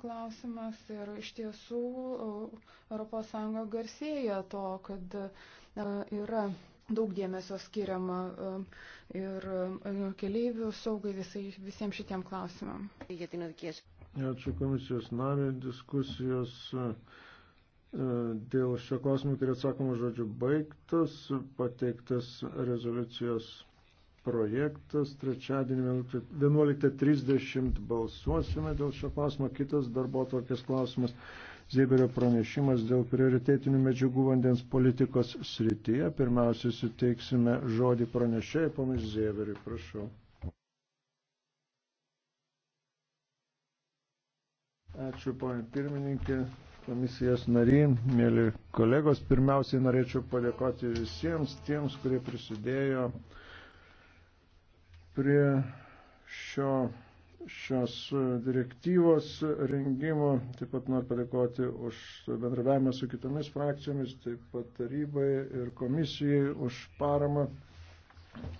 klausimas ir iš tiesų ES garsėja to, kad e, yra daug dėmesio skiriama e, ir e, keleivių saugai visai, visiems šitiem klausimam. Ačiū komisijos nariai, diskusijos dėl šio klausimo, kurį tai atsakoma žodžiu, baigtas, pateiktas rezoliucijos projektas. Trečiadienį 11.30 balsuosime dėl šio klausimo. Kitas darbo tokias klausimas. Zėberio pranešimas dėl prioritetinių medžiagų vandens politikos srityje. Pirmiausia, suteiksime žodį pranešėjai, panas Zėberiui, prašau. Ačiū, ponė pirmininkė, komisijos nariai, mėly kolegos. Pirmiausiai norėčiau padėkoti visiems tiems, kurie prisidėjo uh, prie šio, šios direktyvos rengimo. Taip pat noriu padėkoti už bendravimą su kitomis frakcijomis, taip pat tarybai ir komisijai už paramą.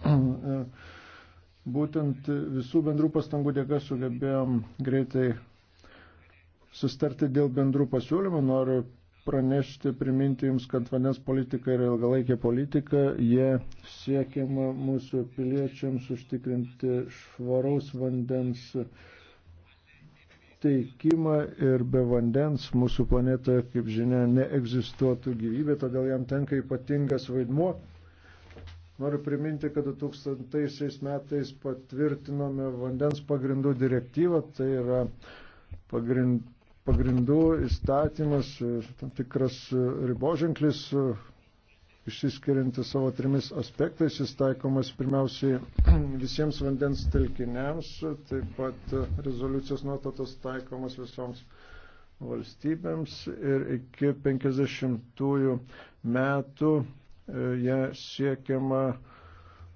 Būtent visų bendrų pastangų dėka sugebėjom greitai sustarti dėl bendrų pasiūlymų. Noriu pranešti, priminti Jums, kad vandens politika yra ilgalaikė politika. Jie siekiama mūsų piliečiams užtikrinti švaraus vandens teikimą ir be vandens mūsų planetoje, kaip žinia, neegzistuotų gyvybė, todėl jam tenka ypatingas vaidmuo. Noriu priminti, kad 2000 metais patvirtinome vandens pagrindų direktyvą, tai yra pagrind, pagrindų įstatymas, tam tikras riboženklis, e, išsiskiriantis savo trimis aspektais, jis taikomas pirmiausiai visiems vandens telkiniams, taip pat rezoliucijos nuotatos taikomas visoms valstybėms ir iki 50 metų e, ją siekiama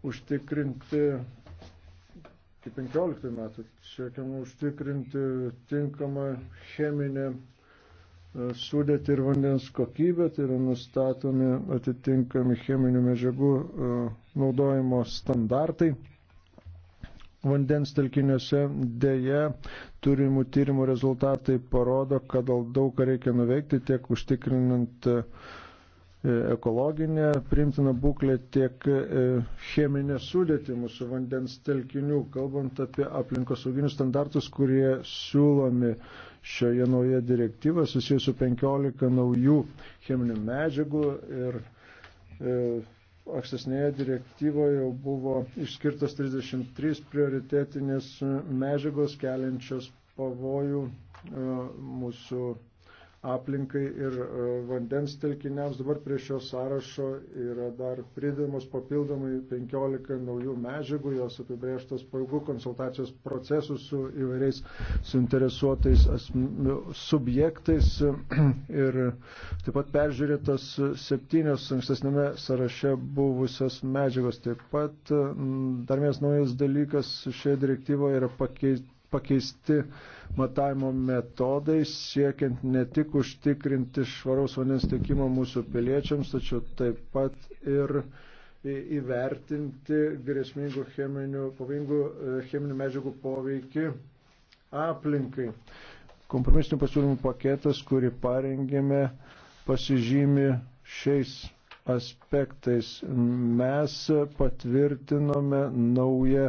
užtikrinti iki 15 metų siekiama užtikrinti tinkamą cheminę e, sudėti ir vandens kokybę, tai yra nustatomi atitinkami cheminių medžiagų e, naudojimo standartai. Vandens telkiniuose dėje turimų tyrimų rezultatai parodo, kad daug ką reikia nuveikti tiek užtikrinant uh, E, ekologinę primtiną būklę, tiek e, cheminę sudėtį mūsų vandens telkinių, kalbant apie aplinkosauginius standartus, kurie siūlomi šioje naujoje direktyvoje susijusiu 15 naujų cheminių medžiagų ir e, ankstesnėje direktyvoje jau buvo išskirtas 33 prioritetinės medžiagos keliančios pavojų e, mūsų aplinkai ir e, vandens telkiniams. Dabar prie šio sąrašo yra dar pridedamos papildomai 15 naujų medžiagų, jos apibrėžtos pailgų konsultacijos procesų su įvairiais suinteresuotais nu, subjektais ir taip pat peržiūrėtos septynios ankstesnėme sąraše buvusios medžiagos. Taip pat dar vienas naujas dalykas šioje direktyvoje yra pakeitimas pakeisti matavimo metodai, siekiant ne tik užtikrinti švaraus vandens tiekimo mūsų piliečiams, tačiau taip pat ir įvertinti grėsmingų cheminių, pavojingų e, cheminių medžiagų poveikį aplinkai. Kompromisinių pasiūlymų paketas, kurį parengėme, pasižymi šiais aspektais. Mes patvirtinome naują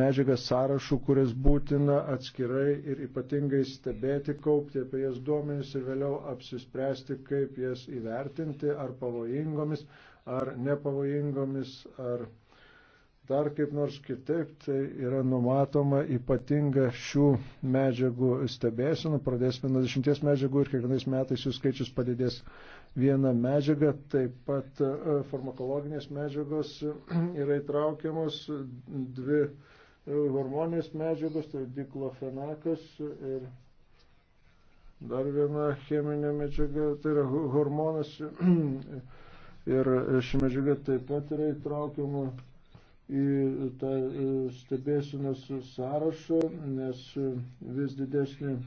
medžiagą sąrašų, kurias būtina atskirai ir ypatingai stebėti, kaupti apie jas duomenis ir vėliau apsispręsti, kaip jas įvertinti, ar pavojingomis, ar nepavojingomis, ar dar kaip nors kitaip, tai yra numatoma ypatinga šių medžiagų stebėsena, pradėsime nuo dešimties medžiagų ir kiekvienais metais jų skaičius padidės vieną medžiagą, taip pat e, farmakologinės medžiagos yra įtraukiamos, dvi e, hormoninės medžiagos, tai diklofenakas ir dar viena cheminė medžiaga, tai yra hormonas. Ir ši medžiaga taip pat yra įtraukiama į tą e, stebėsinos sąrašą, nes e, vis didesnė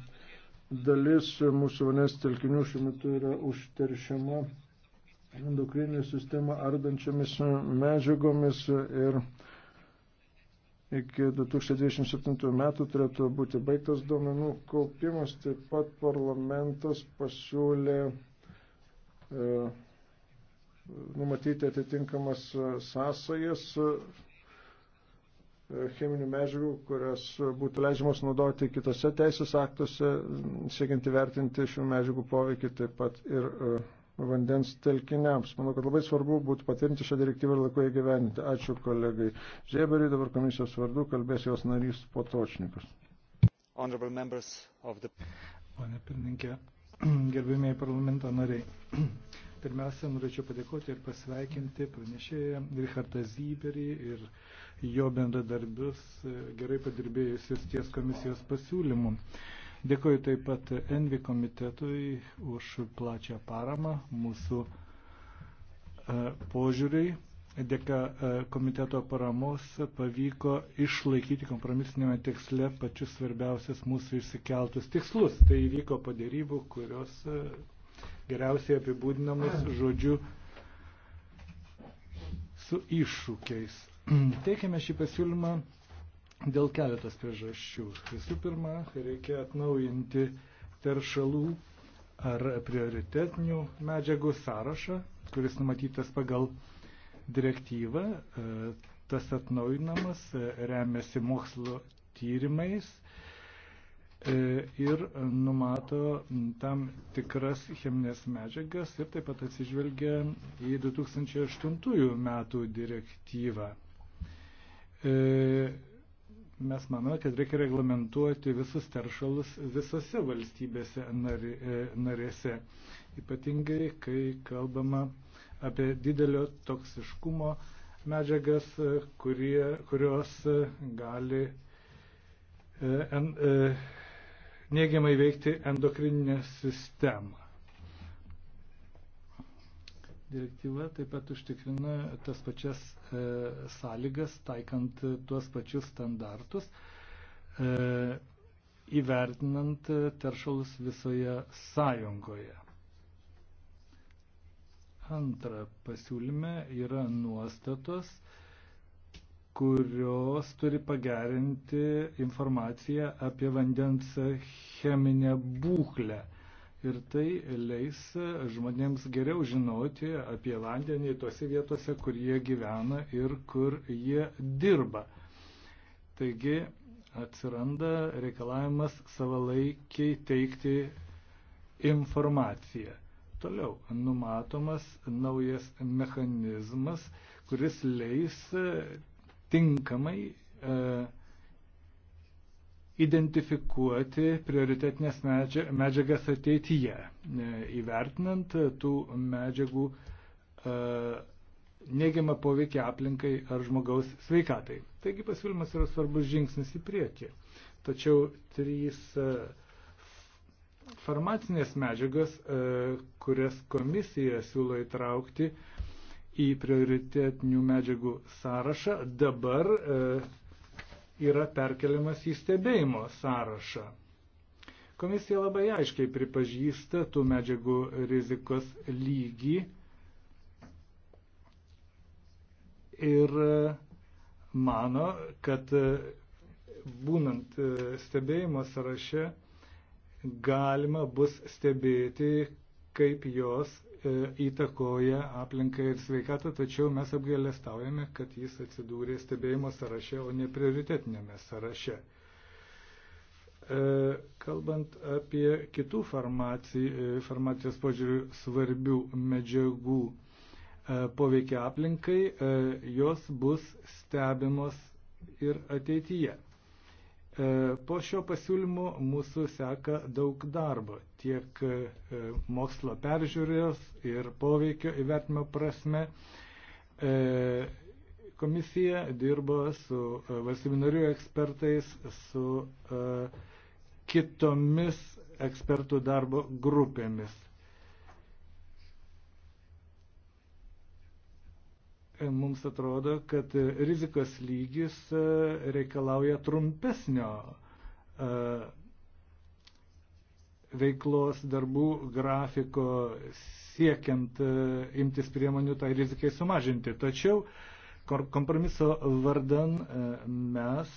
dalis mūsų vandens telkinių šiuo metu yra užteršiama endokrininę sistemą ardančiomis medžiagomis ir iki 2027 metų turėtų būti baigtas duomenų kaupimas. Taip pat parlamentas pasiūlė e, numatyti atitinkamas sąsajas cheminių medžiagų, kurias būtų leidžiamos naudoti kitose teisės aktuose, siekiant įvertinti šių medžiagų poveikį taip pat ir e, vandens telkiniams. Manau, kad labai svarbu būtų patvirtinti šią direktyvą ir laiko įgyveninti. Ačiū kolegai Žieberiui, dabar komisijos vardu kalbės jos narys Potočnikas. The... Pane pirmininkė, gerbimieji parlamento nariai. Pirmiausia, norėčiau padėkoti ir pasveikinti pranešėją Richardą Zyberį ir jo bendradarbius e, gerai padirbėjusius ties komisijos pasiūlymu. Dėkoju taip pat Envi komitetui už plačią paramą mūsų e, požiūriai. Dėka e, komiteto paramos pavyko išlaikyti kompromisinėme tiksle pačius svarbiausias mūsų išsikeltus tikslus. Tai įvyko po dėrybų, kurios geriausiai apibūdinamus žodžiu su iššūkiais. Teikiame šį pasiūlymą dėl keletos priežasčių. Visų pirma, reikia atnaujinti teršalų ar prioritetinių medžiagų sąrašą, kuris numatytas pagal direktyvą. E, tas atnaujinamas e, remiasi mokslo tyrimais, E, ir numato tam tikras cheminės medžiagas ir taip pat atsižvelgia į 2008 metų direktyvą. E, mes manome, kad reikia reglamentuoti visus teršalus visose valstybėse e, narėse, ypatingai kai kalbama apie didelio toksiškumo medžiagas, kurie, kurios gali en, e, neigiamai veikti endokrininę sistemą. Direktyva taip pat užtikrina tas pačias e, sąlygas, taikant e, tuos pačius standartus, e, įvertinant e, teršalus visoje sąjungoje. Antra, pasiūlyme yra nuostatos, e, kurios turi pagerinti informaciją apie vandens cheminę būklę. Ir tai leis žmonėms geriau žinoti apie vandenį tose vietose, kur jie gyvena ir kur jie dirba. Taigi atsiranda reikalavimas savalaikiai teikti informaciją. Toliau numatomas naujas mechanizmas, kuris leis tinkamai e, identifikuoti prioritetinės medžiagas ateityje, e, įvertinant tų medžiagų e, neigiamą poveikį aplinkai ar žmogaus sveikatai. Taigi pasiūlymas yra svarbus žingsnis į priekį. Tačiau trys e, farmacinės medžiagos, kurias komisija siūlo įtraukti, į prioritetinių medžiagų sąrašą, dabar e, yra perkeliamas į stebėjimo sąrašą. Komisija labai aiškiai pripažįsta tų medžiagų rizikos lygį ir e, mano, kad e, būnant e, stebėjimo sąraše galima bus stebėti, kaip jos E, įtakoja aplinką ir sveikatą, tačiau mes apgailestaujame, kad jis atsidūrė stebėjimo sąraše, o ne prioritetinėme sąraše. E, kalbant apie kitų e, farmacijos požiūrių svarbių medžiagų poveikia aplinkai, jos bus stebimos ir ateityje. E, po šio pasiūlymo mūsų seka daug darbo, tiek e, mokslo peržiūrės ir poveikio įvertimo prasme. E, komisija dirbo su valstybinarių ekspertais, su kitomis ekspertų darbo grupėmis. mums atrodo, kad rizikos lygis e, reikalauja trumpesnio e, veiklos darbų grafiko siekiant e, imtis priemonių tai rizikai sumažinti. Tačiau kompromiso vardan mes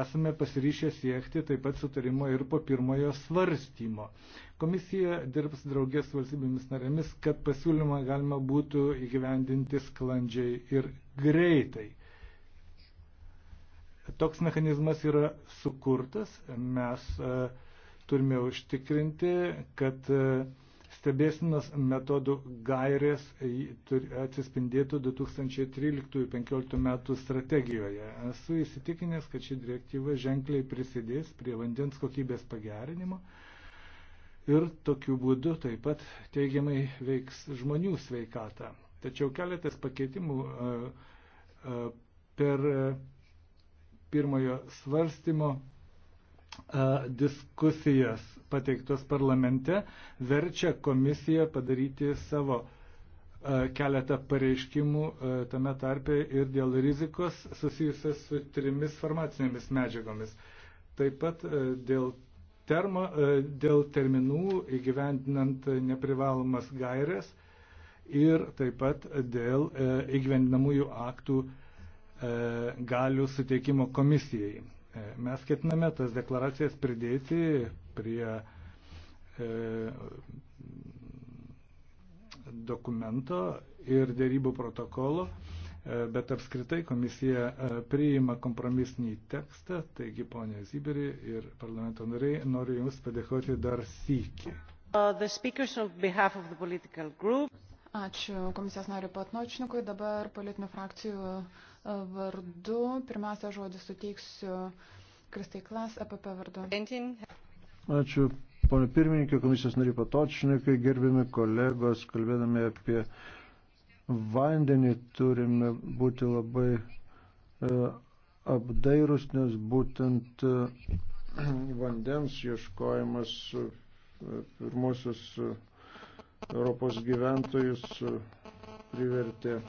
esame pasiryšę siekti taip pat sutarimo ir po pirmojo svarstymo. Komisija dirbs draugės valstybėmis narėmis, kad pasiūlymą galima būtų įgyvendinti sklandžiai ir greitai. Toks mechanizmas yra sukurtas, mes e, turime užtikrinti, kad e, stebėsinos metodų gairės atsispindėtų 2013-2015 metų strategijoje. Esu įsitikinęs, kad ši direktyva ženkliai prisidės prie vandens kokybės pagerinimo ir tokiu būdu taip pat teigiamai veiks žmonių sveikatą. Tačiau keletas pakeitimų per pirmojo svarstymo diskusijas pateiktos parlamente verčia komisiją padaryti savo keletą pareiškimų tame tarpe ir dėl rizikos susijusios su trimis farmacinėmis medžiagomis. Taip pat dėl termo, e, dėl terminų įgyvendinant neprivalomas gairias ir taip pat dėl e, įgyvendinamųjų aktų e, galių suteikimo komisijai. Mes ketiname tas deklaracijas pridėti prie dokumento ir dėrybų protokolo. E, bet apskritai komisija e, priima kompromisinį tekstą, taigi ponė Zyberi ir parlamento nariai noriu Jums padėkoti dar sykį. Uh, Ačiū komisijos nariu Patnočnikui, dabar politinių frakcijų e, vardu. Pirmiausia, žodį suteiksiu Kristai Klas, APP vardu. Ačiū, ponė pirmininkė, komisijos nariu Patočnikai, gerbimi kolegos, kalbėdami apie uh, vandenį turime būti labai e, apdairus, nes būtent e, vandens ieškojimas e, pirmosius Europos gyventojus privertė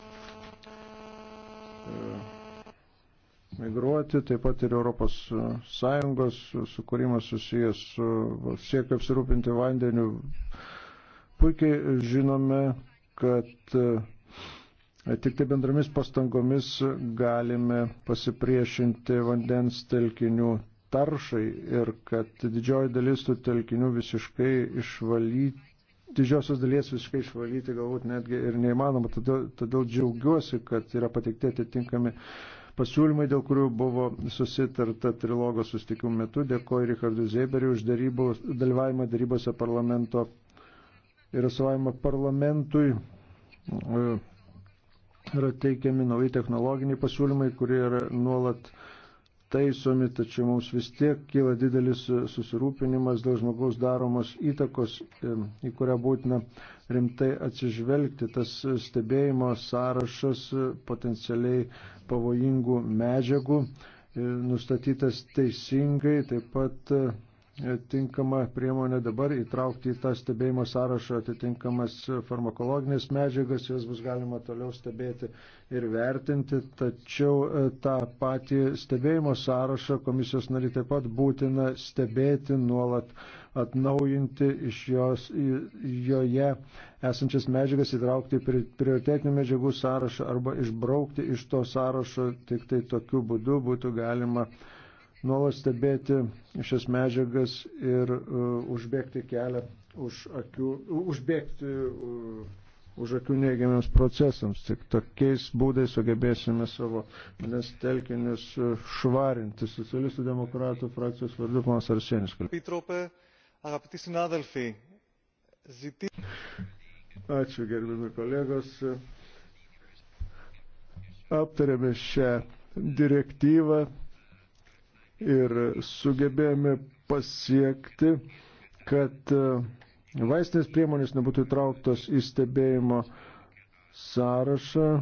migruoti, taip pat ir Europos Sąjungos sukūrimas susijęs su siekiu apsirūpinti vandeniu. Puikiai žinome, kad Tik tai bendromis pastangomis galime pasipriešinti vandens telkinių taršai ir kad didžioji dalis tų telkinių visiškai išvalyti. Didžiosios dalies visiškai išvalyti galbūt netgi ir neįmanoma, todėl, todėl džiaugiuosi, kad yra pateikti atitinkami pasiūlymai, dėl kurių buvo susitarta trilogo sustikimų metu. Dėkoju Richardui Zeberiui už darybų, dalyvavimą darybose parlamento ir atsovavimą parlamentui. E, yra teikiami nauji technologiniai pasiūlymai, kurie yra nuolat taisomi, tačiau mums vis tiek kyla didelis susirūpinimas dėl žmogaus daromos įtakos, e, į kurią būtina rimtai atsižvelgti. Tas stebėjimo sąrašas potencialiai pavojingų medžiagų e, nustatytas teisingai, taip pat e, tinkamą priemonę dabar įtraukti į tą stebėjimo sąrašą atitinkamas farmakologinės medžiagas, jas bus galima toliau stebėti ir vertinti, tačiau e, tą patį stebėjimo sąrašą komisijos nari taip pat būtina stebėti nuolat atnaujinti iš jos, joje esančias medžiagas įtraukti į prioritetinių medžiagų sąrašą arba išbraukti iš to sąrašo, tik tai tokiu būdu būtų galima uh, nuolat stebėti šias medžiagas ir uh, užbėgti kelią už akių, užbėgti uh, už akių neigiamiams procesams. Tik tokiais būdais sugebėsime savo vandens telkinius e, švarinti. Socialistų demokratų frakcijos vardu ponas Arsienis. Ačiū gerbiami kolegos. Aptarėme šią direktyvą ir sugebėjome pasiekti, kad e, vaistinės priemonės nebūtų įtrauktos į stebėjimo sąrašą, e,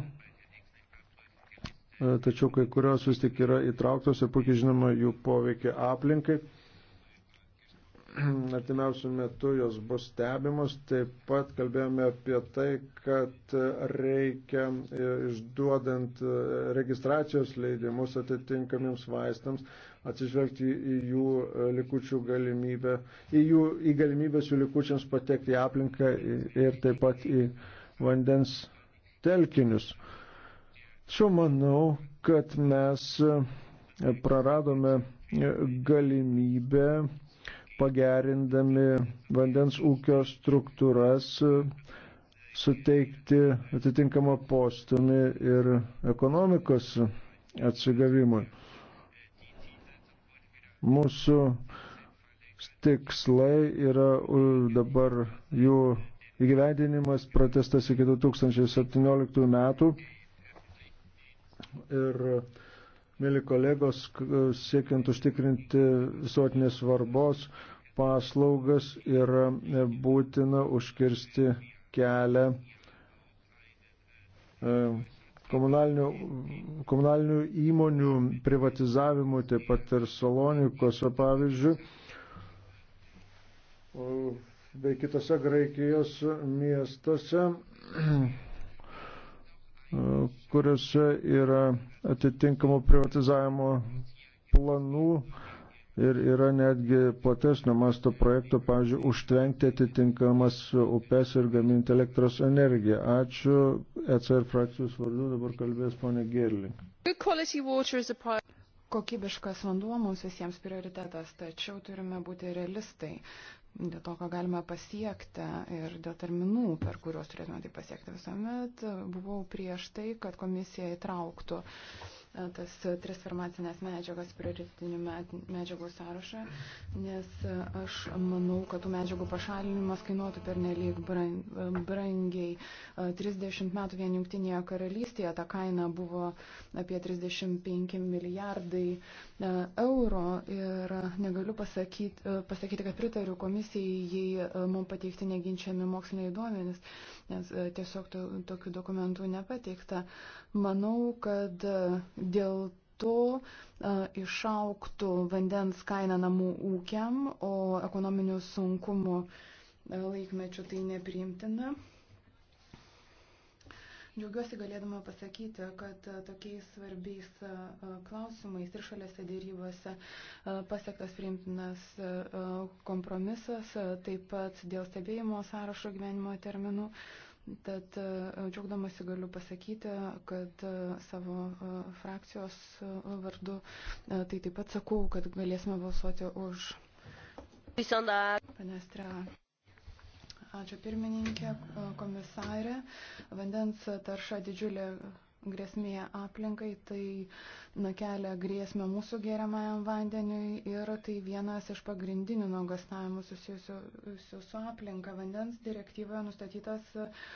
tačiau kai kurios vis tik yra įtrauktos ir puikiai žinoma jų poveikia aplinkai. Artimiausių metų jos bus stebimos. Taip pat kalbėjome apie tai, kad reikia e, išduodant registracijos leidimus atitinkamiems vaistams atsižvelgti į jų e, likučių galimybę, į jų į galimybės jų likučiams patekti į aplinką ir taip pat į vandens telkinius. Šiuo manau, kad mes e, praradome e, galimybę pagerindami vandens ūkio struktūras suteikti atitinkamą postumį ir ekonomikos atsigavimui. Mūsų tikslai yra dabar jų įgyvendinimas protestas iki 2017 metų. Ir, mėly kolegos, siekiant užtikrinti visuotinės svarbos paslaugas, yra būtina užkirsti kelią e, komunalinių, komunalinių įmonių privatizavimu, taip pat ir Salonikose pavyzdžiui, bei kitose Graikijos miestuose, kuriuose yra atitinkamo privatizavimo planų ir yra netgi platesnio masto projekto, pavyzdžiui, užtvenkti atitinkamas upes ir gaminti elektros energiją. Ačiū ECR frakcijos vardu dabar kalbės ponė Gerling. Kokybiškas vanduo mums visiems prioritetas, tačiau turime būti realistai dėl to, ką galime pasiekti ir dėl terminų, per kuriuos turėtume tai pasiekti. Visuomet buvau prieš tai, kad komisija įtrauktų uh, E, tas transformacinės medžiagas prioritetinių medžiagų sąrašą, nes e, aš manau, kad tų medžiagų pašalinimas kainuotų per nelik e, brangiai. 30 metų vien jungtinėje karalystėje ta kaina buvo apie 35 milijardai eurų ir negaliu pasakyti, pasakyti kad pritariu komisijai, jei mums pateikti neginčiami moksliniai duomenys, nes tiesiog to, tokių dokumentų nepateikta. Manau, kad Dėl to išauktų vandens kaina namų ūkiam, o ekonominių sunkumų laikmečių tai nepriimtina. Džiaugiuosi galėdama pasakyti, kad tokiais svarbiais klausimais ir šaliose dėrybose pasiektas priimtinas kompromisas, taip pat dėl stebėjimo sąrašo gyvenimo terminų Tad e, džiaugdamasi galiu pasakyti, kad e, savo e, frakcijos vardu tai taip pat sakau, kad galėsime balsuoti už. Panestre. Ačiū pirmininkė, komisarė. Vandens tarša didžiulė grėsmė aplinkai, tai na, kelia grėsmę mūsų geriamajam vandeniui ir tai vienas iš pagrindinių nuogastavimų susijusių su, su aplinka. Vandens direktyvoje nustatytas uh,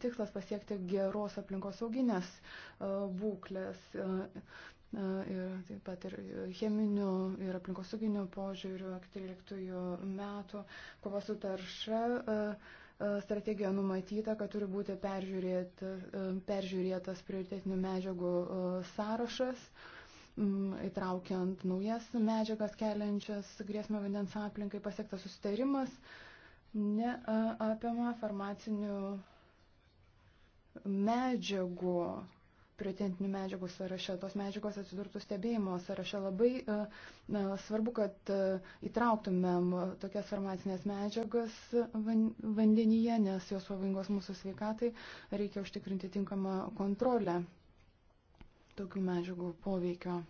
tikslas pasiekti geros aplinkos sauginės uh, e, būklės. Uh, ir taip pat ir cheminių ir aplinkosauginių požiūrių 13 metų kova su tarša. Uh, E, strategijoje numatyta, kad turi būti peržiūrėta, e, peržiūrėtas prioritetinių medžiagų e, sąrašas įtraukiant naujas medžiagas keliančias grėsmę vandens aplinkai pasiektas susitarimas neapima farmacinių medžiagų prioritentinių medžiagų sąraše, tos medžiagos atsidurtų stebėjimo sąraše. Labai e, na, svarbu, kad e, įtrauktumėm tokias farmacinės medžiagas vandenyje, nes jos pavojingos mūsų sveikatai, reikia užtikrinti tinkamą kontrolę tokių medžiagų poveikio.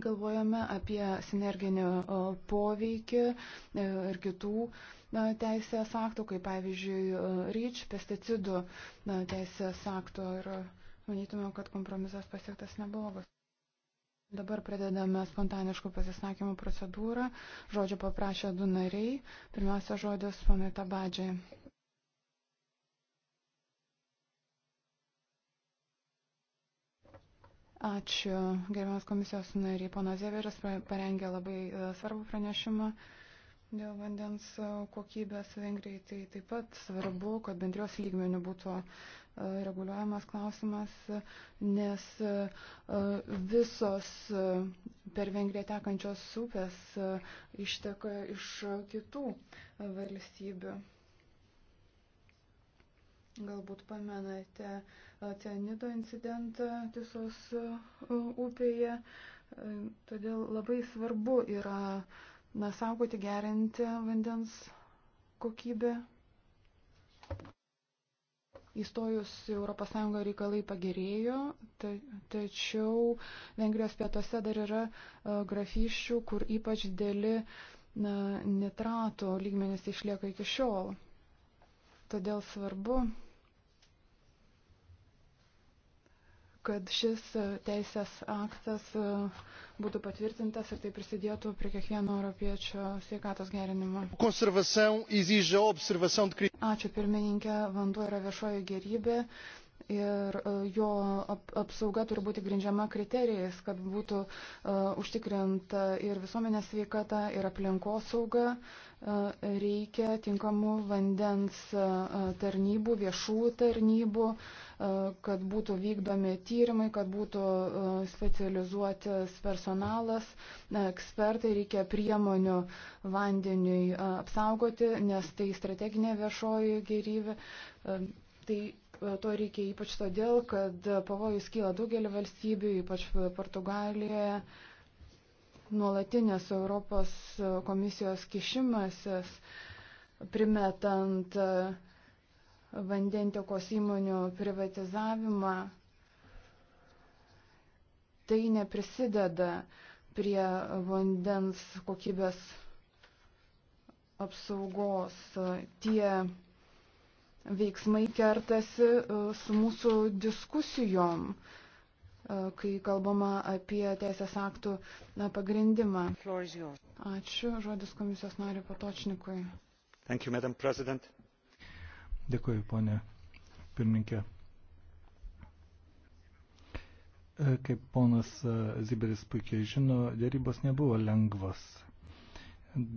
Galvojame apie sinerginį e, poveikį ir kitų teisės aktų, kaip pavyzdžiui e, REACH pesticidų teisės aktų ir manytume, kad kompromisas pasiektas neblogas. Dabar pradedame spontaniškų pasisakymų procedūrą. Žodžio paprašė du nariai. Pirmiausia žodis ponui Tabadžiai. Ačiū, gerbiamas komisijos nariai. Pono Zėveris parengė labai e, svarbų pranešimą. Uh, Dėl vandens e, kokybės Vengrijai tai taip pat svarbu, kad bendrijos lygmenių būtų e, reguliuojamas klausimas, nes e, visos per Vengriją tekančios upės išteka iš kitų valstybių. Galbūt pamenate Cianido incidentą Tisos upėje, todėl labai svarbu yra na, saugoti, gerinti vandens kokybę. Įstojus ES reikalai pagerėjo, ta, tačiau Vengrijos pietuose dar yra uh, e, grafiščių, kur ypač dėli na, nitrato lygmenis išlieka iki šiol. Todėl svarbu kad šis e, teisės aktas e, būtų patvirtintas ir tai prisidėtų prie kiekvieno europiečio sveikatos gerinimo. Ačiū pirmininkė, vanduo yra viešoji gerybė ir e, jo ap apsauga turi būti grindžiama kriterijais, kad būtų uh, užtikrinta ir visuomenės sveikata, ir aplinkos sauga. Uh, E, reikia tinkamų vandens e, tarnybų, viešų tarnybų, e, kad būtų vykdomi tyrimai, kad būtų specializuotis personalas, ekspertai, reikia priemonių vandeniui apsaugoti, nes tai strateginė viešoji gerybė. Tai to reikia ypač todėl, kad pavojus kyla daugelį valstybių, ypač Portugalijoje, nuolatinės Europos komisijos kišimasis, primetant e, vandentekos įmonių privatizavimą, tai neprisideda prie vandens kokybės apsaugos. Tie veiksmai kertasi e, su mūsų diskusijom. Uh, E, kai kalbama apie teisės aktų pagrindimą. Ačiū. Žodis komisijos nariu Patočnikui. Thank you, Madam President. Dėkuoju, ponė pirmininkė. E, kaip ponas e, Ziberis puikiai žino, dėrybos nebuvo lengvos.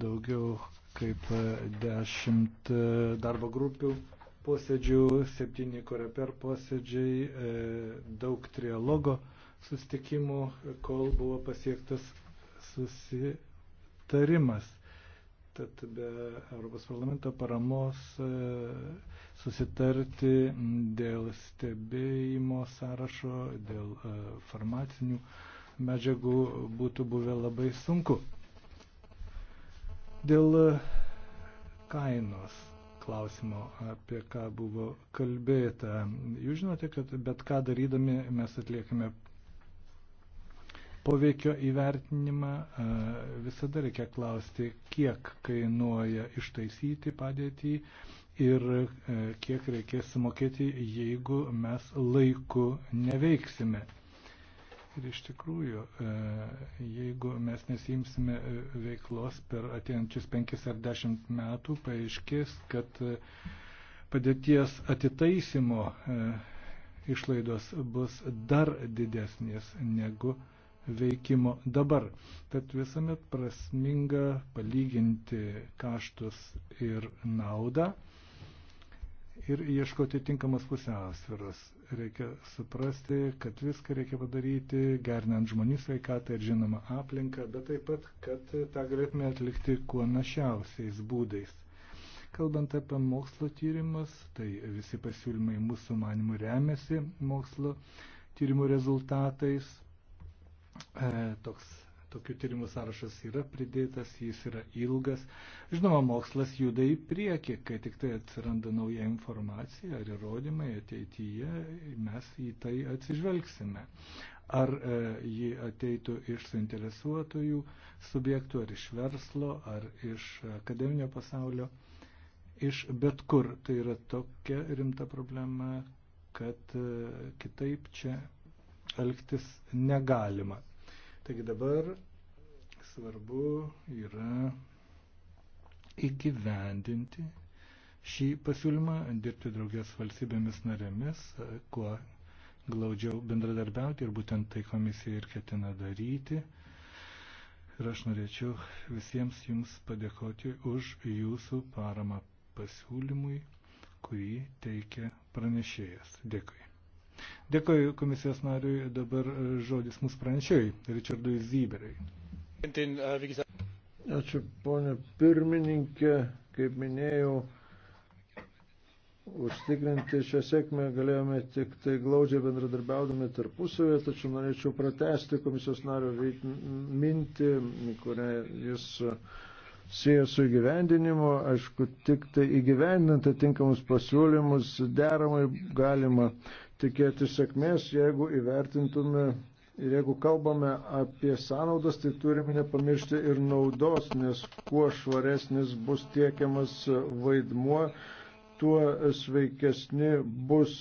Daugiau kaip dešimt darbo grupių posėdžių, septyni koreper posėdžiai, e, daug trialogo sustikimų, kol buvo pasiektas susitarimas. Tad be Europos parlamento paramos e, susitarti dėl stebėjimo sąrašo, dėl e, farmacinių medžiagų būtų buvę labai sunku. Dėl kainos klausimo, apie ką buvo kalbėta. Jūs žinote, kad bet ką darydami mes atliekame poveikio įvertinimą. Visada reikia klausti, kiek kainuoja ištaisyti padėtį ir kiek reikės sumokėti, jeigu mes laiku neveiksime. Ir iš tikrųjų, e, jeigu mes nesimsime e, veiklos per ateinančius penkis ar dešimt metų, paaiškės, kad e, padėties atitaisimo išlaidos bus dar didesnės negu veikimo dabar. Tad visuomet prasminga palyginti kaštus ir naudą ir ieškoti tinkamas pusiausviros reikia suprasti, kad viską reikia padaryti, gernant žmonių sveikatą ir žinoma aplinką, bet taip pat, kad tą galėtume atlikti kuo našiausiais būdais. Kalbant apie mokslo tyrimus, tai visi pasiūlymai mūsų manimų remiasi mokslo tyrimų rezultatais. E, toks tokių tyrimų sąrašas yra pridėtas, jis yra ilgas. Žinoma, mokslas juda į priekį, kai tik tai atsiranda nauja informacija ar įrodymai ateityje, mes į tai atsižvelgsime. Ar e, ji ateitų iš suinteresuotojų subjektų, ar iš verslo, ar iš akademinio pasaulio, iš bet kur. Tai yra tokia rimta problema, kad e, kitaip čia elgtis negalima. Taigi dabar svarbu yra įgyvendinti šį pasiūlymą, dirbti draugės valstybėmis narėmis, kuo glaudžiau bendradarbiauti ir būtent tai komisija ir ketina daryti. Ir aš norėčiau visiems jums padėkoti už jūsų paramą pasiūlymui, kurį teikia pranešėjas. Dėkui. Dėkoju komisijos nariui, dabar e, žodis mūsų pranešėjui, Richardui Zyberiai. Ačiū, ponė pirmininkė, kaip minėjau, užtikrinti šią sėkmę galėjome tik tai glaudžiai bendradarbiaudami tarpusavėje, tačiau norėčiau pratesti komisijos nario mintį, kurią jis sieja su įgyvendinimu. Aišku, tik tai įgyvendinant atitinkamus pasiūlymus deramai galima uh, tikėti sėkmės, jeigu įvertintume ir jeigu kalbame apie sąnaudas, tai turime nepamiršti ir naudos, nes kuo švaresnis bus tiekiamas vaidmuo, tuo sveikesni bus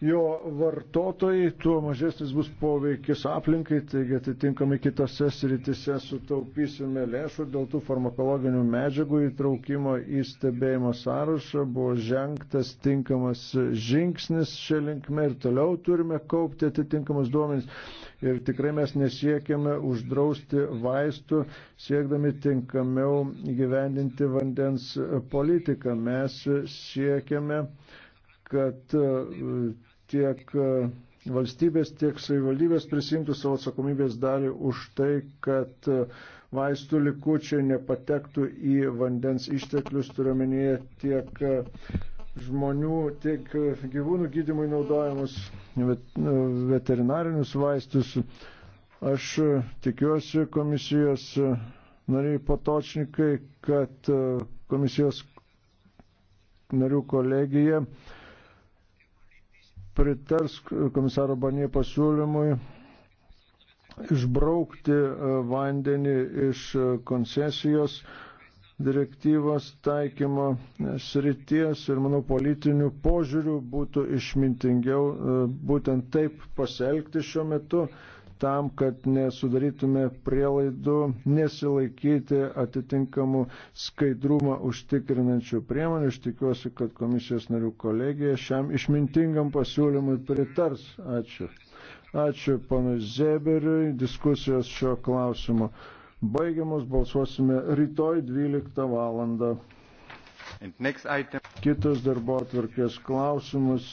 jo vartotojai, tuo mažesnis bus poveikis aplinkai, taigi atitinkamai kitose sritise sutaupysime lėšų dėl tų farmakologinių medžiagų įtraukimo į stebėjimo sąrašą. Buvo žengtas tinkamas žingsnis šią linkmę ir toliau turime kaupti atitinkamus duomenys. Ir tikrai mes nesiekime uždrausti vaistų, siekdami tinkamiau gyvendinti vandens politiką. Mes siekime kad tiek e, valstybės, tiek savivaldybės prisimtų savo atsakomybės dalį už tai, kad e, vaistų likučiai nepatektų į vandens išteklius, turiuomenėje tiek e, žmonių, tiek gyvūnų gydimui naudojamus veterinarinius vaistus. Aš tikiuosi komisijos nariai patočnikai, kad komisijos narių kolegija uh, pritars komisaro Banė pasiūlymui išbraukti e, vandenį iš e, koncesijos direktyvos taikymo e, srities ir, manau, politinių požiūrių būtų išmintingiau būtent taip pasielgti šiuo metu tam, kad nesudarytume prielaidų nesilaikyti atitinkamų skaidrumą užtikrinančių priemonių. Aš tikiuosi, kad komisijos narių kolegija šiam išmintingam pasiūlymui pritars. Ačiū. Ačiū panui Zeberiui. Diskusijos šio klausimo baigiamos. Balsuosime rytoj 12 valandą. Kitas darbo atvarkės klausimas.